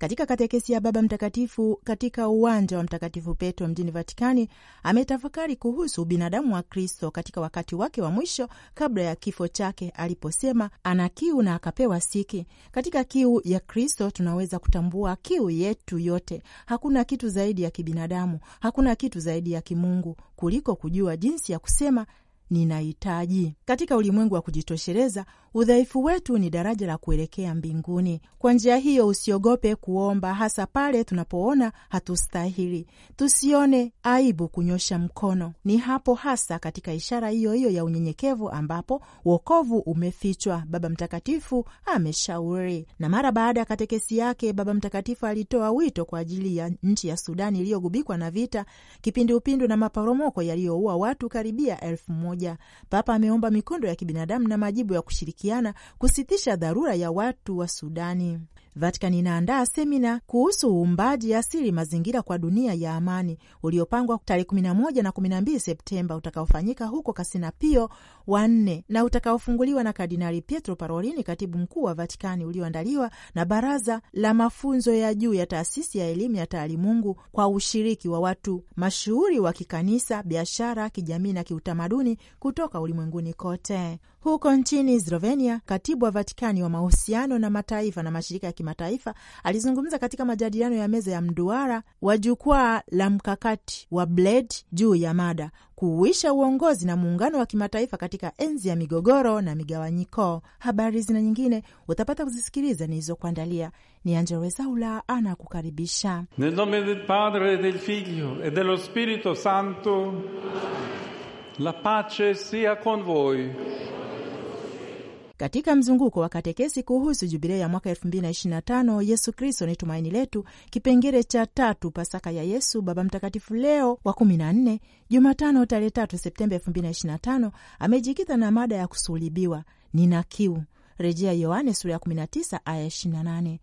Katika katekesi ya Baba Mtakatifu katika uwanja wa Mtakatifu Petro mjini Vatikani, ametafakari kuhusu ubinadamu wa Kristo katika wakati wake wa mwisho kabla ya kifo chake, aliposema ana kiu na akapewa siki. Katika kiu ya Kristo tunaweza kutambua kiu yetu yote. Hakuna kitu zaidi ya kibinadamu, hakuna kitu zaidi ya kimungu kuliko kujua jinsi ya kusema ninahitaji. Katika ulimwengu wa kujitosheleza, Udhaifu wetu ni daraja la kuelekea mbinguni. Kwa njia hiyo, usiogope kuomba, hasa pale tunapoona hatustahili. Tusione aibu kunyosha mkono. Ni hapo hasa katika ishara hiyo hiyo ya unyenyekevu ambapo wokovu umefichwa, Baba Mtakatifu ameshauri. Na mara baada ya katekesi yake, Baba Mtakatifu alitoa wito kwa ajili ya nchi ya Sudani iliyogubikwa na vita, kipindupindu na maporomoko yaliyoua watu karibia elfu moja. Papa ameomba mikondo ya kibinadamu na majibu ya kushiriki kushirikiana kusitisha dharura ya watu wa Sudani. Vatican inaandaa semina kuhusu uumbaji asili mazingira kwa dunia ya amani uliopangwa tarehe 11 na 12 Septemba utakaofanyika huko Kasina Pio wanne na utakaofunguliwa na Kardinali Pietro Parolini, katibu mkuu wa Vatikani, ulioandaliwa na Baraza la Mafunzo ya Juu ya Taasisi ya Elimu ya Taalimungu kwa ushiriki wa watu mashuhuri wa kikanisa, biashara, kijamii na kiutamaduni kutoka ulimwenguni kote. Huko nchini Slovenia, katibu wa Vatikani wa mahusiano na mataifa na mashirika ya kimataifa alizungumza katika majadiliano ya meza ya mduara wa jukwaa la mkakati wa Bled juu ya mada kuuisha uongozi na muungano wa kimataifa katika enzi ya migogoro na migawanyiko. Habari zina nyingine utapata kuzisikiliza nilizokuandalia. Ni Angelo Wezaula anakukaribisha. Nel nome del Padre, del Figlio e dello Spirito Santo, la pace sia con voi. Katika mzunguko wa katekesi kuhusu jubilei ya mwaka 2025 Yesu Kristo ni tumaini letu, kipengele cha tatu, Pasaka ya Yesu Baba Mtakatifu Leo wa 14, Jumatano tarehe 3 Septemba 2025, amejikita na mada ya kusulibiwa, nina kiu, rejea Yohane sura ya 19 aya 28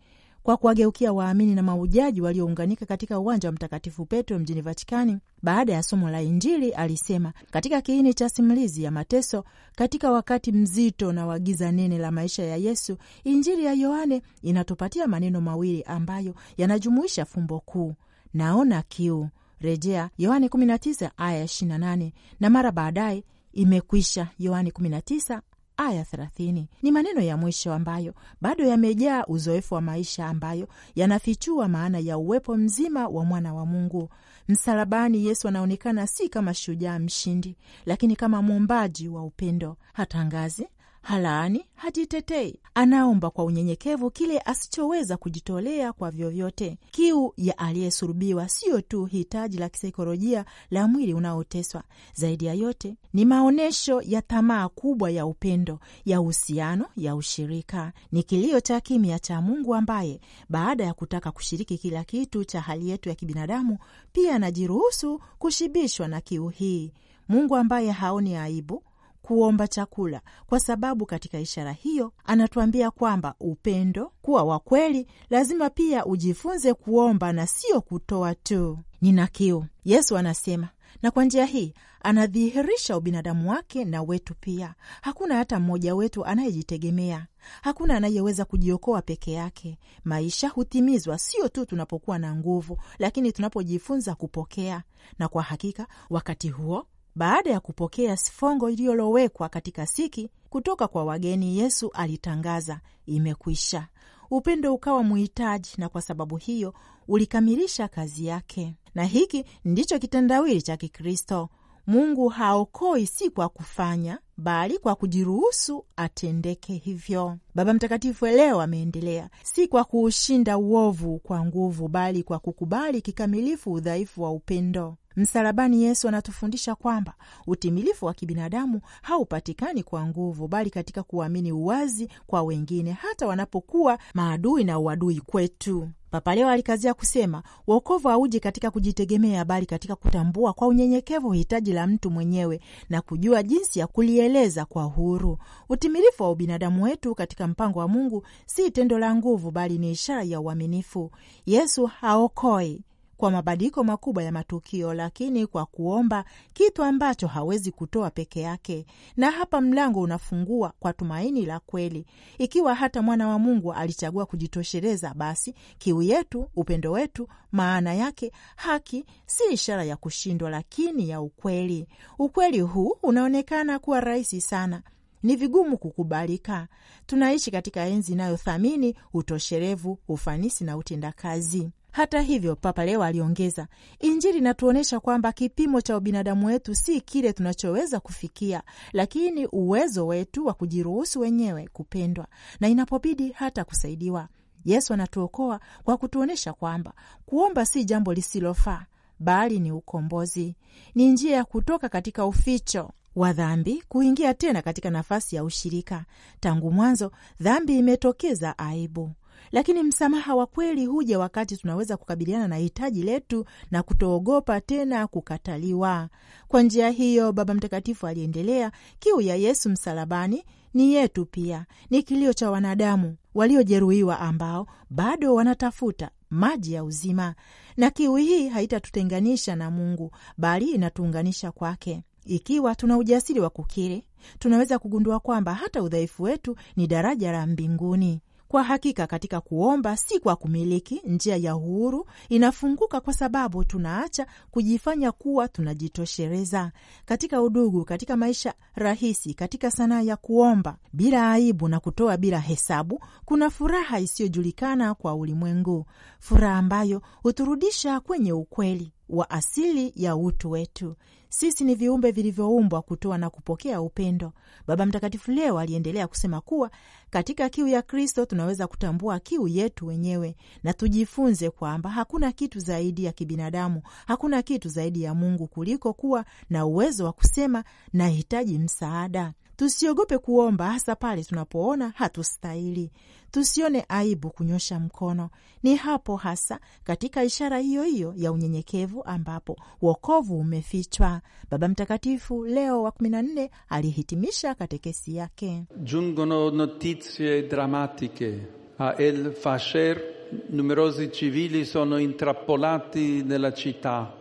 kwa kuwageukia waamini na maujaji waliounganika katika uwanja wa Mtakatifu Petro mjini Vatikani. Baada ya somo la Injili alisema, katika kiini cha simulizi ya mateso katika wakati mzito na wagiza nene la maisha ya Yesu, Injili ya Yohane inatupatia maneno mawili ambayo yanajumuisha fumbo kuu: naona kiu, rejea Yohane 19 aya 28, na mara baadaye imekwisha Yohane 19 aya 30. Ni maneno ya mwisho ambayo bado yamejaa uzoefu wa maisha ambayo yanafichua maana ya uwepo mzima wa mwana wa Mungu. Msalabani, Yesu anaonekana si kama shujaa mshindi, lakini kama mwombaji wa upendo. Hatangazi halaani hajitetei, anaomba kwa unyenyekevu kile asichoweza kujitolea kwa vyovyote. Kiu ya aliyesulubiwa siyo tu hitaji la kisaikolojia la mwili unaoteswa, zaidi ya yote ni maonyesho ya tamaa kubwa ya upendo, ya uhusiano, ya ushirika. Ni kilio cha kimya cha Mungu ambaye baada ya kutaka kushiriki kila kitu cha hali yetu ya kibinadamu, pia anajiruhusu kushibishwa na kiu hii. Mungu ambaye haoni aibu kuomba chakula, kwa sababu katika ishara hiyo anatuambia kwamba upendo kuwa wa kweli lazima pia ujifunze kuomba na sio kutoa tu. Nina kiu, Yesu anasema, na kwa njia hii anadhihirisha ubinadamu wake na wetu pia. Hakuna hata mmoja wetu anayejitegemea, hakuna anayeweza kujiokoa peke yake. Maisha hutimizwa sio tu tunapokuwa na nguvu, lakini tunapojifunza kupokea, na kwa hakika wakati huo baada ya kupokea sifongo iliyolowekwa katika siki kutoka kwa wageni, Yesu alitangaza imekwisha. Upendo ukawa muhitaji, na kwa sababu hiyo ulikamilisha kazi yake. Na hiki ndicho kitendawili cha Kikristo. Mungu haokoi si kwa kufanya, bali kwa kujiruhusu atendeke hivyo. Baba Mtakatifu leo ameendelea, si kwa kuushinda uovu kwa nguvu, bali kwa kukubali kikamilifu udhaifu wa upendo. Msalabani Yesu anatufundisha kwamba utimilifu wa kibinadamu haupatikani kwa nguvu, bali katika kuamini uwazi kwa wengine, hata wanapokuwa maadui na uadui kwetu. Papa leo alikazia kusema wokovu hauji katika kujitegemea, bali katika kutambua kwa unyenyekevu hitaji la mtu mwenyewe na kujua jinsi ya kulieleza kwa huru. Utimilifu wa ubinadamu wetu katika mpango wa Mungu si tendo la nguvu, bali ni ishara ya uaminifu. Yesu haokoi kwa mabadiliko makubwa ya matukio, lakini kwa kuomba kitu ambacho hawezi kutoa peke yake. Na hapa mlango unafungua kwa tumaini la kweli. Ikiwa hata mwana wa Mungu alichagua kujitosheleza, basi kiu yetu, upendo wetu, maana yake haki, si ishara ya kushindwa, lakini ya ukweli. Ukweli huu unaonekana kuwa rahisi sana ni vigumu kukubalika. Tunaishi katika enzi inayothamini utoshelevu, ufanisi na utendakazi. Hata hivyo, Papa Leo aliongeza, Injili inatuonyesha kwamba kipimo cha ubinadamu wetu si kile tunachoweza kufikia, lakini uwezo wetu wa kujiruhusu wenyewe kupendwa na inapobidi hata kusaidiwa. Yesu anatuokoa kwa kutuonyesha kwamba kuomba si jambo lisilofaa, bali ni ukombozi, ni njia ya kutoka katika uficho wa dhambi kuingia tena katika nafasi ya ushirika. Tangu mwanzo dhambi imetokeza aibu, lakini msamaha wa kweli huja wakati tunaweza kukabiliana na hitaji letu na kutoogopa tena kukataliwa. Kwa njia hiyo, Baba Mtakatifu aliendelea, kiu ya Yesu msalabani ni yetu pia, ni kilio cha wanadamu waliojeruhiwa ambao bado wanatafuta maji ya uzima, na kiu hii haitatutenganisha na Mungu bali inatuunganisha kwake. Ikiwa tuna ujasiri wa kukiri, tunaweza kugundua kwamba hata udhaifu wetu ni daraja la mbinguni. Kwa hakika, katika kuomba, si kwa kumiliki, njia ya uhuru inafunguka kwa sababu tunaacha kujifanya kuwa tunajitosheleza. Katika udugu, katika maisha rahisi, katika sanaa ya kuomba bila aibu na kutoa bila hesabu, kuna furaha isiyojulikana kwa ulimwengu, furaha ambayo huturudisha kwenye ukweli wa asili ya utu wetu. Sisi ni viumbe vilivyoumbwa kutoa na kupokea upendo. Baba Mtakatifu leo aliendelea kusema kuwa katika kiu ya Kristo tunaweza kutambua kiu yetu wenyewe na tujifunze kwamba hakuna kitu zaidi ya kibinadamu, hakuna kitu zaidi ya Mungu kuliko kuwa na uwezo wa kusema nahitaji msaada. Tusiogope kuomba, hasa pale tunapoona hatustahili. Tusione aibu kunyosha mkono. Ni hapo hasa katika ishara hiyo hiyo ya unyenyekevu ambapo wokovu umefichwa. Baba Mtakatifu Leo wa 14 alihitimisha katekesi yake. Giungono notizie drammatiche a El Fasher, numerosi civili sono intrappolati nella città,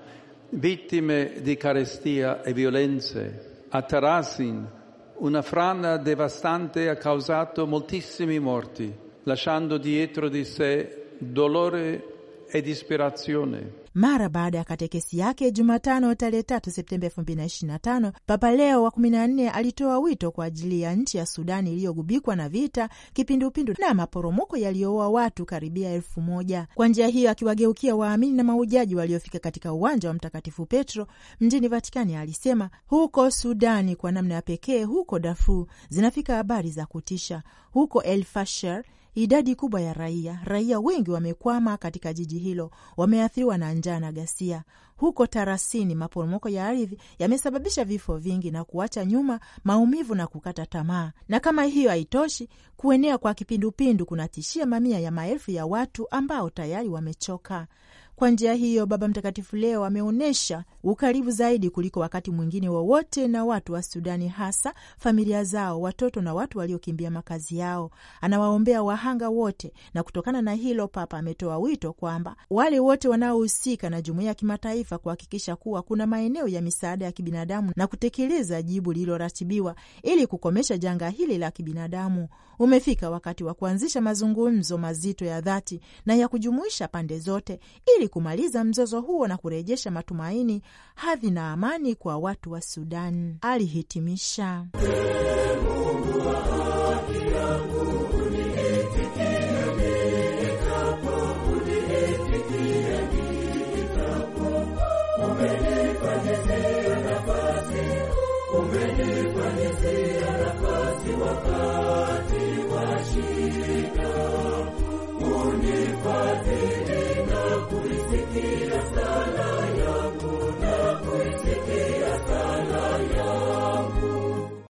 vittime di carestia e violenze. A Tarasin una frana devastante ha causato moltissimi morti, lasciando dietro di sé dolore e disperazione. Mara baada ya katekesi yake Jumatano tarehe 3 Septemba 2025, Papa Leo wa 14 alitoa wito kwa ajili ya nchi ya Sudani iliyogubikwa na vita, kipindupindu na maporomoko yaliyoua watu karibia elfu moja. Kwa njia hiyo, akiwageukia waamini na maujaji waliofika katika uwanja wa Mtakatifu Petro mjini Vatikani, alisema huko Sudani, kwa namna ya pekee, huko Darfur zinafika habari za kutisha, huko El Fasher Idadi kubwa ya raia raia wengi wamekwama katika jiji hilo, wameathiriwa na njaa na ghasia. Huko Tarasini, maporomoko ya ardhi yamesababisha vifo vingi na kuacha nyuma maumivu na kukata tamaa. Na kama hiyo haitoshi, kuenea kwa kipindupindu kunatishia mamia ya maelfu ya watu ambao tayari wamechoka. Kwa njia hiyo, Baba Mtakatifu leo ameonyesha ukaribu zaidi kuliko wakati mwingine wowote wa na watu wa Sudani, hasa familia zao, watoto na watu waliokimbia makazi yao. Anawaombea wahanga wote, na kutokana na hilo Papa ametoa wito kwamba wale wote wanaohusika na jumuiya ya kimataifa kuhakikisha kuwa kuna maeneo ya misaada ya kibinadamu na kutekeleza jibu lililoratibiwa ili kukomesha janga hili la kibinadamu. Umefika wakati wa kuanzisha mazungumzo mazito ya dhati na ya kujumuisha pande zote ili ili kumaliza mzozo huo na kurejesha matumaini, hadhi na amani kwa watu wa Sudan, alihitimisha.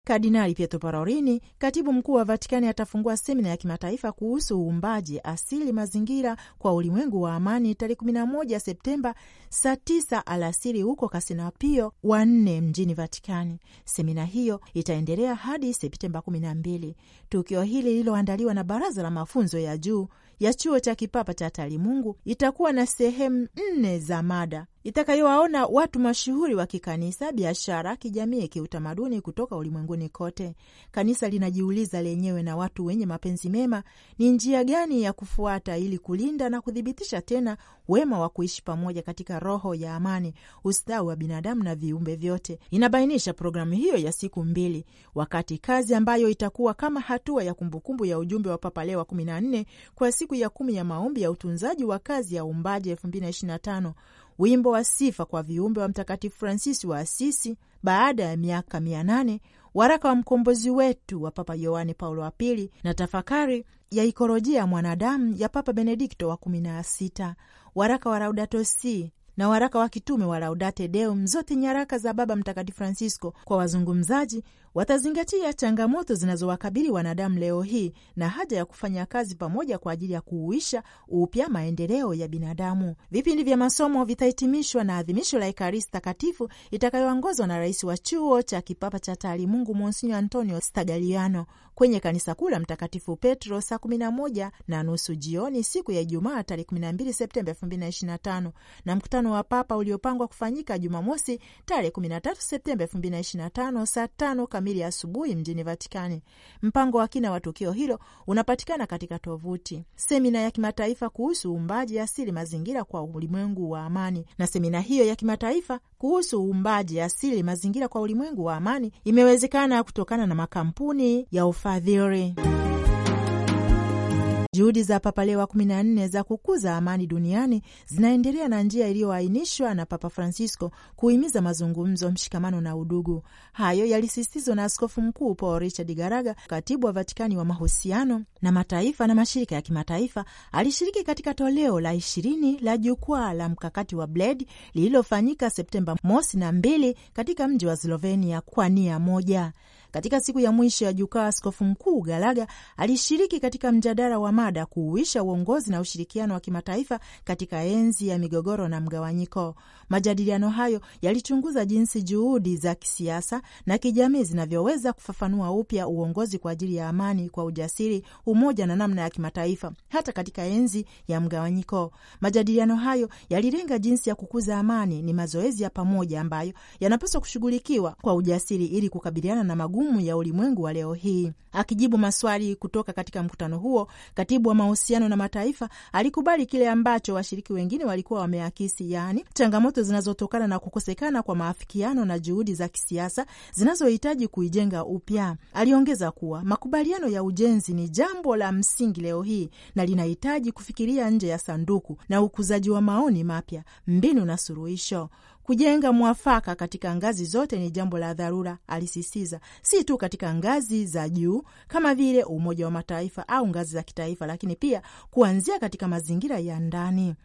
Kardinali Pietro Parolini, katibu mkuu wa Vatikani, atafungua semina ya kimataifa kuhusu uumbaji asili mazingira kwa ulimwengu wa amani tarehe 11 Septemba saa 9 alasiri huko kasinapio wa nne mjini Vatikani. Semina hiyo itaendelea hadi Septemba 12. Tukio hili lililoandaliwa na Baraza la Mafunzo ya Juu ya chuo cha kipapa cha Talimungu itakuwa na sehemu nne za mada itakayowaona watu mashuhuri wa kikanisa, biashara, kijamii, kiutamaduni kutoka ulimwenguni kote. Kanisa linajiuliza lenyewe na watu wenye mapenzi mema ni njia gani ya kufuata ili kulinda na kuthibitisha tena wema wa kuishi pamoja katika roho ya amani, ustawi wa binadamu na viumbe vyote, inabainisha programu hiyo ya siku mbili, wakati kazi ambayo itakuwa kama hatua ya kumbukumbu ya ujumbe wa Papa Leo wa kwa siku siku ya kumi ya maombi ya utunzaji wa kazi ya uumbaji 2025 wimbo wa sifa kwa viumbe wa Mtakatifu Fransisi wa Asisi baada ya miaka 800 waraka wa mkombozi wetu wa Papa Yohane Paulo wa Pili na tafakari ya ikolojia ya mwanadamu ya Papa Benedikto wa 16, waraka wa Laudato Si na waraka wa kitume wa Laudate Deum, zote nyaraka za Baba Mtakatifu Francisco kwa wazungumzaji watazingatia changamoto zinazowakabili wanadamu leo hii na haja ya kufanya kazi pamoja kwa ajili ya kuuisha upya maendeleo ya binadamu. Vipindi vya masomo vitahitimishwa na adhimisho la Ekaristi Takatifu itakayoongozwa na rais wa chuo cha kipapa cha taalimungu Monsinyo Antonio Stagaliano kwenye kanisa kuu la Mtakatifu Petro saa kumi na moja na nusu jioni siku ya Ijumaa tarehe kumi na mbili Septemba elfu mbili na ishirini na tano na mkutano wa Papa uliopangwa kufanyika Jumamosi tarehe kumi na tatu Septemba elfu mbili na ishirini na tano saa tano kamili kamili ya asubuhi mjini Vatikani. Mpango wa kina wa tukio hilo unapatikana katika tovuti semina ya kimataifa kuhusu uumbaji asili mazingira kwa ulimwengu wa amani, na semina hiyo ya kimataifa kuhusu uumbaji asili mazingira kwa ulimwengu wa amani imewezekana kutokana na makampuni ya ufadhili. Juhudi za Papa Leo wa 14 za kukuza amani duniani zinaendelea na njia iliyoainishwa na Papa Francisco kuhimiza mazungumzo, mshikamano na udugu. Hayo yalisisitizwa na Askofu Mkuu Paul Richard Garaga, katibu wa Vatikani wa mahusiano na mataifa na mashirika ya kimataifa. Alishiriki katika toleo la ishirini la jukwaa la mkakati wa Bled lililofanyika Septemba mosi na mbili katika mji wa Slovenia kwa nia moja. Katika siku ya mwisho ya jukaa, askofu mkuu Galaga alishiriki katika mjadala wa mada kuuisha uongozi na ushirikiano wa kimataifa katika enzi ya migogoro na mgawanyiko. Majadiliano hayo yalichunguza jinsi juhudi za kisiasa na kijamii zinavyoweza kufafanua upya uongozi kwa ajili ya amani kwa ujasiri, umoja na namna ya kimataifa, hata katika enzi ya mgawanyiko. Majadiliano hayo yalilenga jinsi ya kukuza amani; ni mazoezi ya pamoja ambayo yanapaswa kushughulikiwa kwa ujasiri ili kukabiliana na magumu magumu ya ulimwengu wa leo hii. Akijibu maswali kutoka katika mkutano huo, katibu wa mahusiano na mataifa alikubali kile ambacho washiriki wengine walikuwa wameakisi, yaani changamoto zinazotokana na kukosekana kwa maafikiano na juhudi za kisiasa zinazohitaji kuijenga upya. Aliongeza kuwa makubaliano ya ujenzi ni jambo la msingi leo hii na linahitaji kufikiria nje ya sanduku na ukuzaji wa maoni mapya, mbinu na suluhisho. Kujenga mwafaka katika ngazi zote ni jambo la dharura, alisisitiza, si tu katika ngazi za juu kama vile Umoja wa Mataifa au ngazi za kitaifa, lakini pia kuanzia katika mazingira ya ndani.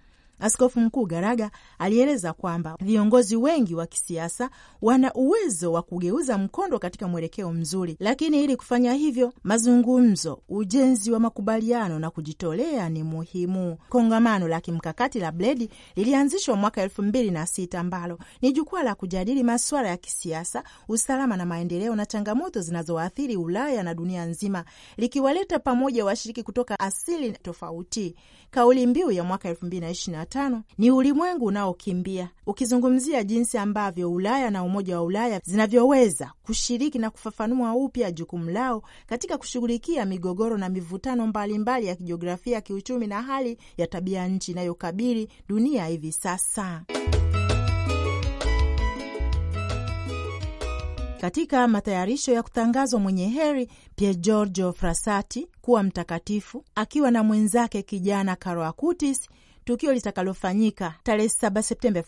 Askofu Mkuu Garaga alieleza kwamba viongozi wengi wa kisiasa wana uwezo wa kugeuza mkondo katika mwelekeo mzuri, lakini ili kufanya hivyo, mazungumzo, ujenzi wa makubaliano na kujitolea ni muhimu. Kongamano la kimkakati la Bledi lilianzishwa mwaka elfu mbili na sita ambalo ni jukwaa la kujadili masuala ya kisiasa, usalama na maendeleo na changamoto zinazoathiri Ulaya na dunia nzima, likiwaleta pamoja washiriki kutoka asili tofauti. Kauli mbiu ya mwaka elfu mbili na ishirini tano ni ulimwengu unaokimbia, ukizungumzia jinsi ambavyo Ulaya na Umoja wa Ulaya zinavyoweza kushiriki na kufafanua upya jukumu lao katika kushughulikia migogoro na mivutano mbalimbali mbali ya kijiografia, kiuchumi na hali ya tabia nchi inayokabili dunia hivi sasa. Katika matayarisho ya kutangazwa mwenye heri Pier Giorgio Frassati kuwa mtakatifu akiwa na mwenzake kijana Karo tukio litakalofanyika tarehe 7 Septemba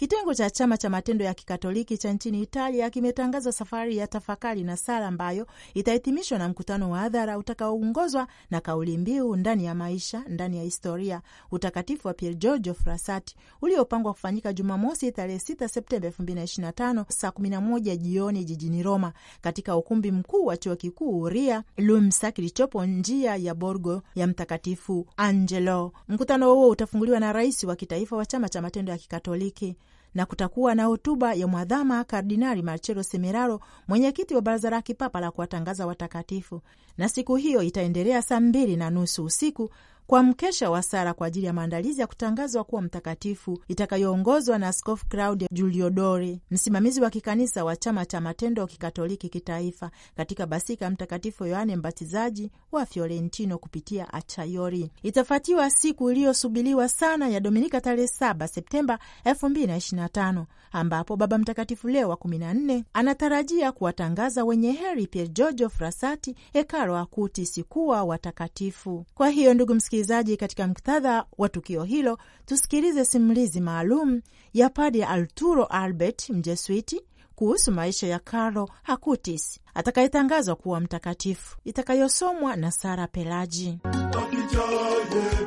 Kitengo cha chama cha matendo ya kikatoliki cha nchini Italia kimetangaza safari ya tafakari na sala ambayo itahitimishwa na mkutano wa hadhara utakaoongozwa na kauli mbiu ndani ya maisha, ndani ya historia, utakatifu wa Pier Giorgio Frassati, uliopangwa kufanyika Jumamosi tarehe 6 Septemba 2025 saa 11 jioni jijini Roma, katika ukumbi mkuu wa chuo kikuu Ria Lumsa kilichopo njia ya Borgo ya Mtakatifu Angelo. Mkutano huo utafunguliwa na rais wa kitaifa wa chama cha matendo ya kikatoliki na kutakuwa na hotuba ya mwadhama Kardinali marchelo Semeraro, mwenyekiti wa Baraza la Kipapa la Kuwatangaza Watakatifu, na siku hiyo itaendelea saa mbili na nusu usiku kwa mkesha wa sara kwa ajili ya maandalizi ya kutangazwa kuwa mtakatifu itakayoongozwa na Askofu Claudio Juliodori, msimamizi wa kikanisa wa chama cha matendo ya kikatoliki kitaifa katika Basika Mtakatifu Yohane Mbatizaji wa Fiorentino kupitia achayori Itafatiwa siku iliyosubiliwa sana ya Dominika tarehe 7 Septemba 2025 ambapo Baba Mtakatifu Leo wa 14 anatarajia kuwatangaza wenye heri Pier Giorgio Frassati hekaro akuti Acutis kuwa watakatifu. Kwa hiyo ndugu msikilizaji msikilizaji, katika mktadha wa tukio hilo tusikilize simulizi maalum ya Padre Arturo Albert, Mjesuiti, kuhusu maisha ya Carlo Acutis atakayetangazwa kuwa mtakatifu, itakayosomwa na Sara Pelaji Akichaye.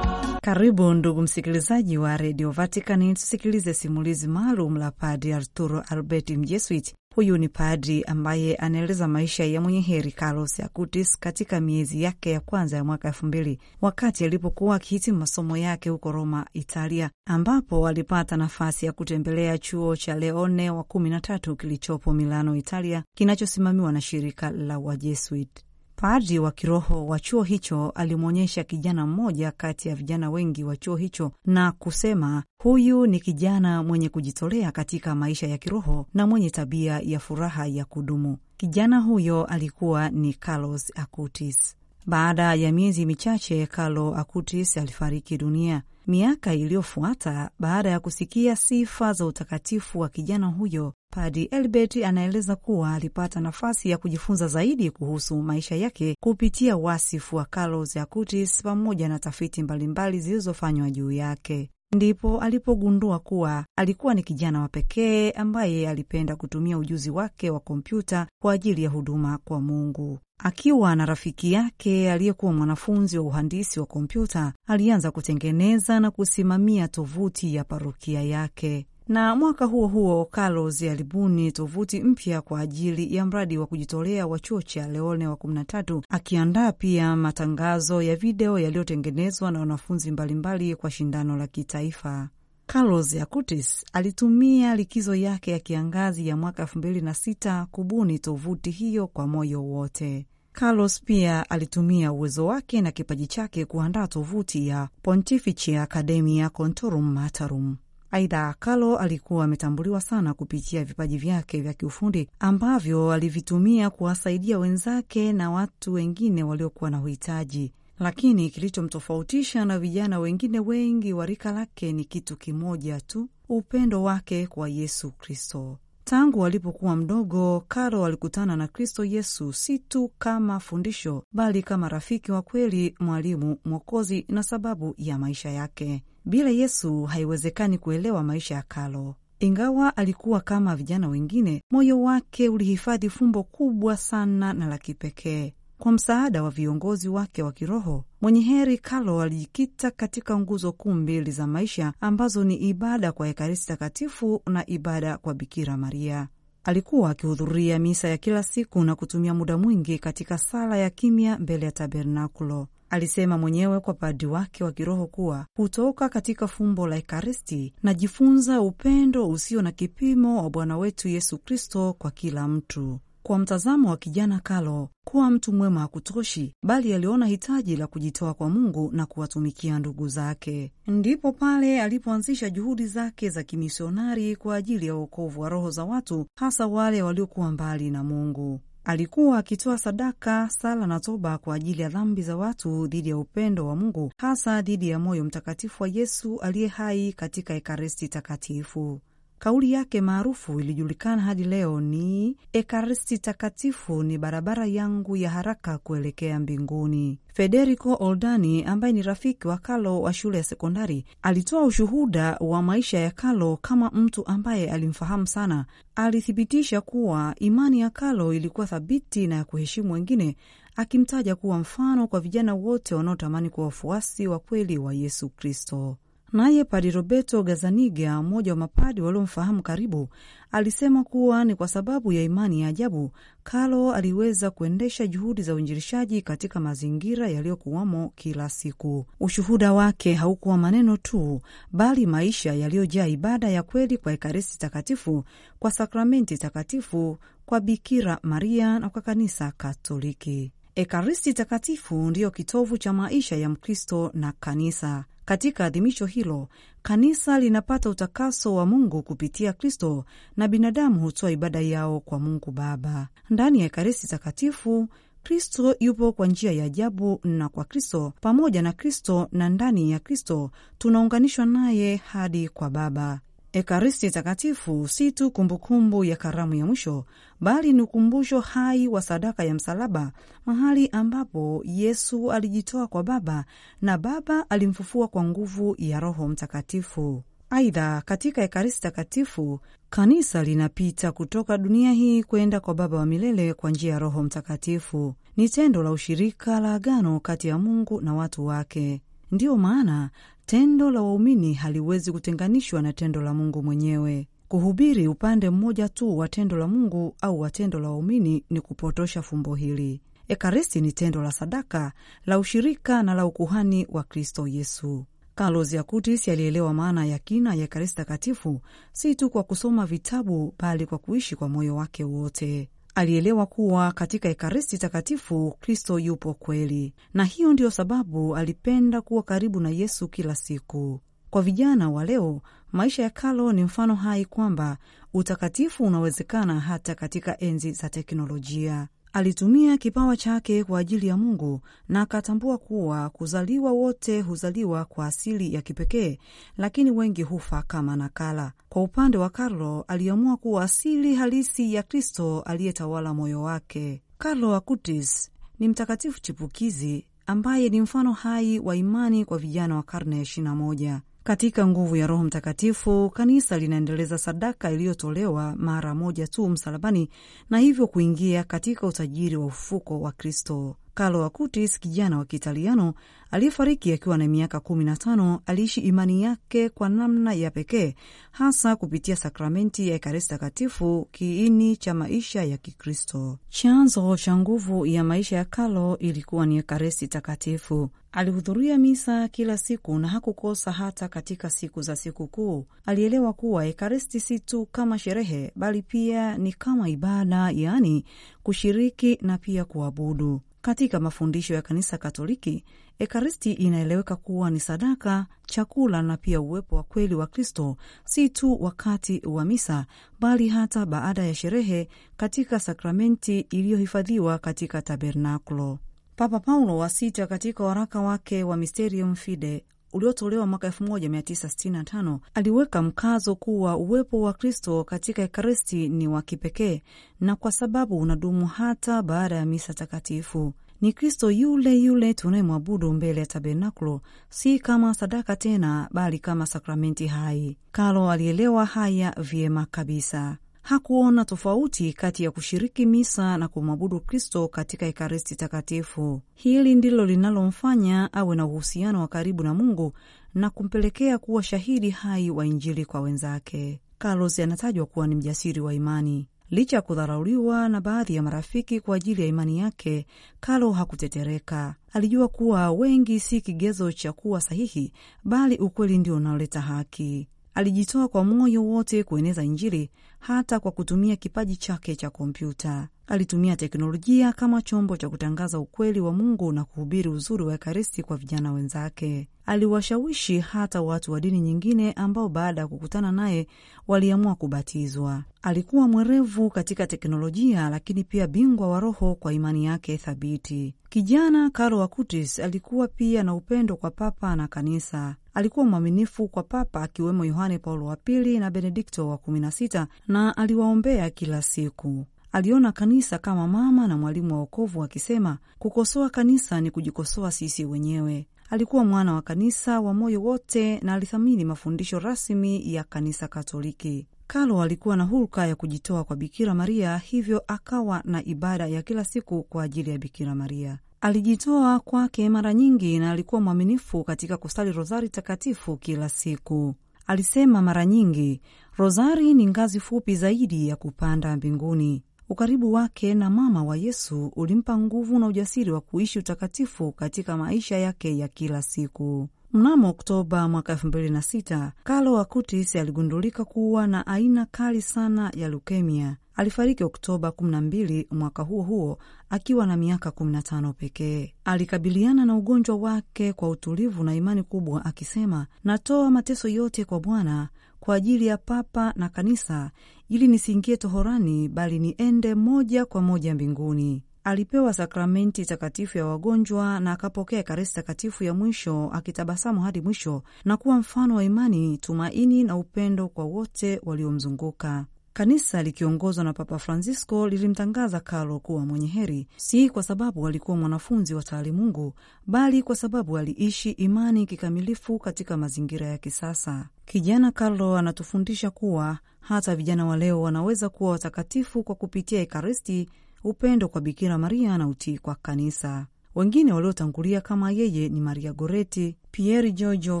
Karibu ndugu msikilizaji wa redio Vaticani, tusikilize simulizi maalum la Padri Arturo Alberti, mjeswit Huyu ni padri ambaye anaeleza maisha ya mwenye heri Carlos Acutis katika miezi yake ya kwanza ya mwaka elfu mbili wakati alipokuwa akihitimu masomo yake huko Roma, Italia, ambapo alipata nafasi ya kutembelea chuo cha Leone wa kumi na tatu kilichopo Milano, Italia, kinachosimamiwa na shirika la Wajesuit. Padri wa kiroho wa chuo hicho alimwonyesha kijana mmoja kati ya vijana wengi wa chuo hicho na kusema, huyu ni kijana mwenye kujitolea katika maisha ya kiroho na mwenye tabia ya furaha ya kudumu. Kijana huyo alikuwa ni Carlos Acutis. Baada ya miezi michache, Carlo Acutis alifariki dunia miaka iliyofuata baada ya kusikia sifa za utakatifu wa kijana huyo. Padi Elbert anaeleza kuwa alipata nafasi ya kujifunza zaidi kuhusu maisha yake kupitia wasifu wa Carlos Acutis pamoja na tafiti mbalimbali zilizofanywa juu yake ndipo alipogundua kuwa alikuwa ni kijana wa pekee ambaye alipenda kutumia ujuzi wake wa kompyuta kwa ajili ya huduma kwa Mungu. Akiwa na rafiki yake aliyekuwa mwanafunzi wa uhandisi wa kompyuta, alianza kutengeneza na kusimamia tovuti ya parokia yake. Na mwaka huo huo Carlos alibuni tovuti mpya kwa ajili ya mradi wa kujitolea wa chuo cha Leone wa 13, akiandaa pia matangazo ya video yaliyotengenezwa na wanafunzi mbalimbali kwa shindano la kitaifa. Carlos Acutis alitumia likizo yake ya kiangazi ya mwaka 2006 kubuni tovuti hiyo kwa moyo wote. Carlos pia alitumia uwezo wake na kipaji chake kuandaa tovuti ya Pontifici Academia Contorum Matarum Aidha, Kalo alikuwa ametambuliwa sana kupitia vipaji vyake vya kiufundi ambavyo alivitumia kuwasaidia wenzake na watu wengine waliokuwa na uhitaji. Lakini kilichomtofautisha na vijana wengine wengi wa rika lake ni kitu kimoja tu, upendo wake kwa Yesu Kristo. Tangu alipokuwa mdogo, Karo alikutana na Kristo Yesu si tu kama fundisho, bali kama rafiki wa kweli, mwalimu, mwokozi na sababu ya maisha yake. Bila Yesu haiwezekani kuelewa maisha ya Carlo. Ingawa alikuwa kama vijana wengine, moyo wake ulihifadhi fumbo kubwa sana na la kipekee. Kwa msaada wa viongozi wake wa kiroho, mwenye heri Carlo alijikita katika nguzo kuu mbili za maisha ambazo ni ibada kwa Ekaristi Takatifu na ibada kwa Bikira Maria. Alikuwa akihudhuria misa ya kila siku na kutumia muda mwingi katika sala ya kimya mbele ya tabernakulo. Alisema mwenyewe kwa padri wake wa kiroho kuwa kutoka katika fumbo la Ekaristi najifunza upendo usio na kipimo wa Bwana wetu Yesu Kristo kwa kila mtu. Kwa mtazamo wa kijana Kalo, kuwa mtu mwema hakutoshi, bali aliona hitaji la kujitoa kwa Mungu na kuwatumikia ndugu zake. Ndipo pale alipoanzisha juhudi zake za kimisionari kwa ajili ya uokovu wa roho za watu, hasa wale waliokuwa mbali na Mungu. Alikuwa akitoa sadaka, sala na toba kwa ajili ya dhambi za watu dhidi ya upendo wa Mungu, hasa dhidi ya moyo mtakatifu wa Yesu aliye hai katika Ekaristi Takatifu. Kauli yake maarufu ilijulikana hadi leo ni Ekaristi Takatifu ni barabara yangu ya haraka kuelekea mbinguni. Federico Oldani ambaye ni rafiki wa kalo wa shule ya sekondari alitoa ushuhuda wa maisha ya kalo kama mtu ambaye alimfahamu sana. Alithibitisha kuwa imani ya kalo ilikuwa thabiti na ya kuheshimu wengine, akimtaja kuwa mfano kwa vijana wote wanaotamani kuwa wafuasi wa kweli wa Yesu Kristo. Naye Padi Roberto Gazaniga, mmoja wa mapadi waliomfahamu karibu, alisema kuwa ni kwa sababu ya imani ya ajabu Carlo aliweza kuendesha juhudi za uinjilishaji katika mazingira yaliyokuwamo kila siku. Ushuhuda wake haukuwa maneno tu, bali maisha yaliyojaa ibada ya kweli kwa Ekaristi Takatifu, kwa sakramenti takatifu, kwa Bikira Maria na kwa Kanisa Katoliki. Ekaristi Takatifu ndiyo kitovu cha maisha ya Mkristo na Kanisa. Katika adhimisho hilo, kanisa linapata utakaso wa Mungu kupitia Kristo na binadamu hutoa ibada yao kwa Mungu Baba. Ndani ya Ekaristi Takatifu, Kristo yupo kwa njia ya ajabu, na kwa Kristo, pamoja na Kristo na ndani ya Kristo, tunaunganishwa naye hadi kwa Baba. Ekaristi Takatifu si tu kumbukumbu ya karamu ya mwisho, bali ni ukumbusho hai wa sadaka ya msalaba, mahali ambapo Yesu alijitoa kwa Baba na Baba alimfufua kwa nguvu ya Roho Mtakatifu. Aidha, katika Ekaristi Takatifu kanisa linapita kutoka dunia hii kwenda kwa Baba wa milele kwa njia ya Roho Mtakatifu. Ni tendo la ushirika la agano kati ya Mungu na watu wake. Ndiyo maana Tendo la waumini haliwezi kutenganishwa na tendo la Mungu mwenyewe. Kuhubiri upande mmoja tu wa tendo la Mungu au wa tendo la waumini ni kupotosha fumbo hili. Ekaristi ni tendo la sadaka la ushirika na la ukuhani wa Kristo Yesu. Carlos Acutis alielewa maana ya kina ya Ekaristi Takatifu si tu kwa kusoma vitabu, bali kwa kuishi kwa moyo wake wote alielewa kuwa katika Ekaristi Takatifu Kristo yupo kweli, na hiyo ndiyo sababu alipenda kuwa karibu na Yesu kila siku. Kwa vijana wa leo, maisha ya Carlo ni mfano hai kwamba utakatifu unawezekana hata katika enzi za teknolojia. Alitumia kipawa chake kwa ajili ya Mungu na akatambua kuwa kuzaliwa wote huzaliwa kwa asili ya kipekee, lakini wengi hufa kama nakala. Kwa upande wa Carlo, aliamua kuwa asili halisi ya Kristo aliyetawala moyo wake. Carlo Acutis ni mtakatifu chipukizi ambaye ni mfano hai wa imani kwa vijana wa karne ya 21. Katika nguvu ya Roho Mtakatifu, kanisa linaendeleza sadaka iliyotolewa mara moja tu msalabani na hivyo kuingia katika utajiri wa ufufuko wa Kristo. Carlo Acutis, kijana wa Kiitaliano aliyefariki akiwa na miaka 15, aliishi imani yake kwa namna ya pekee, hasa kupitia sakramenti ya Ekaristi Takatifu, kiini cha maisha ya Kikristo. Chanzo cha nguvu ya maisha ya Carlo ilikuwa ni Ekaristi Takatifu. Alihudhuria misa kila siku na hakukosa hata katika siku za sikukuu. Alielewa kuwa Ekaristi si tu kama sherehe, bali pia ni kama ibada, yaani kushiriki na pia kuabudu. Katika mafundisho ya Kanisa Katoliki, Ekaristi inaeleweka kuwa ni sadaka, chakula na pia uwepo wa kweli wa Kristo, si tu wakati wa misa, bali hata baada ya sherehe, katika sakramenti iliyohifadhiwa katika tabernakulo. Papa Paulo wa Sita katika waraka wake wa Misterium Fide uliotolewa mwaka 1965 aliweka mkazo kuwa uwepo wa Kristo katika Ekaristi ni wa kipekee na kwa sababu unadumu hata baada ya misa takatifu. Ni Kristo yule yule tunayemwabudu mbele ya tabernakulo, si kama sadaka tena, bali kama sakramenti hai. Kalo alielewa haya vyema kabisa hakuona tofauti kati ya kushiriki misa na kumwabudu Kristo katika Ekaristi Takatifu. Hili ndilo linalomfanya awe na uhusiano wa karibu na Mungu na kumpelekea kuwa shahidi hai wa Injili kwa wenzake. Carlos anatajwa kuwa ni mjasiri wa imani. Licha ya kudharauliwa na baadhi ya marafiki kwa ajili ya imani yake, Carlo hakutetereka. Alijua kuwa wengi si kigezo cha kuwa sahihi, bali ukweli ndio unaoleta haki. Alijitoa kwa moyo wote kueneza Injili hata kwa kutumia kipaji chake cha kompyuta. Alitumia teknolojia kama chombo cha kutangaza ukweli wa Mungu na kuhubiri uzuri wa Ekaristi kwa vijana wenzake. Aliwashawishi hata watu wa dini nyingine ambao baada ya kukutana naye waliamua kubatizwa. Alikuwa mwerevu katika teknolojia, lakini pia bingwa wa roho kwa imani yake thabiti. Kijana Carlo Acutis alikuwa pia na upendo kwa Papa na Kanisa. Alikuwa mwaminifu kwa Papa akiwemo Yohane Paulo wa Pili na Benedikto wa kumi na sita, na aliwaombea kila siku aliona kanisa kama mama na mwalimu wa wokovu, akisema kukosoa kanisa ni kujikosoa sisi wenyewe. Alikuwa mwana wa kanisa wa moyo wote na alithamini mafundisho rasmi ya kanisa Katoliki. Carlo alikuwa na hulka ya kujitoa kwa Bikira Maria, hivyo akawa na ibada ya kila siku kwa ajili ya Bikira Maria. Alijitoa kwake mara nyingi na alikuwa mwaminifu katika kusali rozari takatifu kila siku. Alisema mara nyingi, rozari ni ngazi fupi zaidi ya kupanda mbinguni. Ukaribu wake na mama wa Yesu ulimpa nguvu na ujasiri wa kuishi utakatifu katika maisha yake ya kila siku. Mnamo Oktoba mwaka elfu mbili na sita, Carlo Acutis aligundulika kuwa na aina kali sana ya leukemia. Alifariki Oktoba 12 mwaka huo huo akiwa na miaka 15 pekee. Alikabiliana na ugonjwa wake kwa utulivu na imani kubwa, akisema, natoa mateso yote kwa Bwana kwa ajili ya Papa na Kanisa ili nisiingie tohorani, bali niende moja kwa moja mbinguni. Alipewa sakramenti takatifu ya wagonjwa na akapokea Ekaristi takatifu ya mwisho akitabasamu hadi mwisho na kuwa mfano wa imani, tumaini na upendo kwa wote waliomzunguka. Kanisa likiongozwa na Papa Francisco lilimtangaza Carlo kuwa mwenye heri, si kwa sababu alikuwa mwanafunzi wa taalimungu, bali kwa sababu aliishi imani kikamilifu katika mazingira ya kisasa. Kijana Carlo anatufundisha kuwa hata vijana wa leo wanaweza kuwa watakatifu kwa kupitia Ekaristi, upendo kwa Bikira Maria na utii kwa Kanisa. Wengine waliotangulia kama yeye ni Maria Goretti, Pieri Giorgio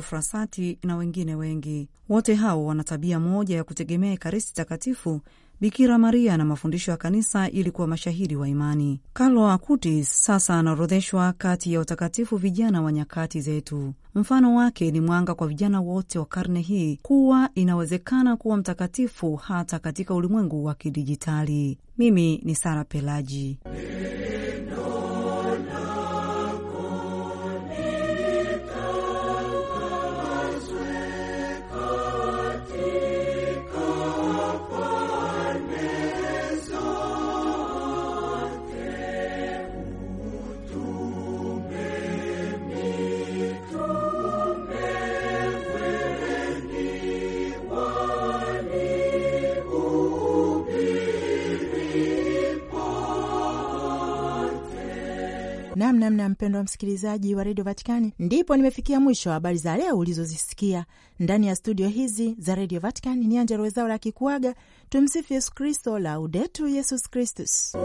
Frassati na wengine wengi. Wote hao wana tabia moja ya kutegemea Ekaristi takatifu Bikira Maria na mafundisho ya kanisa ili kuwa mashahidi wa imani. Carlo Acutis sasa anaorodheshwa kati ya watakatifu vijana wa nyakati zetu. Mfano wake ni mwanga kwa vijana wote wa karne hii kuwa inawezekana kuwa mtakatifu hata katika ulimwengu wa kidijitali. Mimi ni Sara Pelaji. mpendo mpendwa msikilizaji wa redio Vatikani, ndipo nimefikia mwisho wa habari za leo ulizozisikia ndani ya studio hizi za redio Vatikani. Ni Anjela Rwezaura la kikuaga. Tumsifu Yesu Kristo, laudetu Yesus Kristus.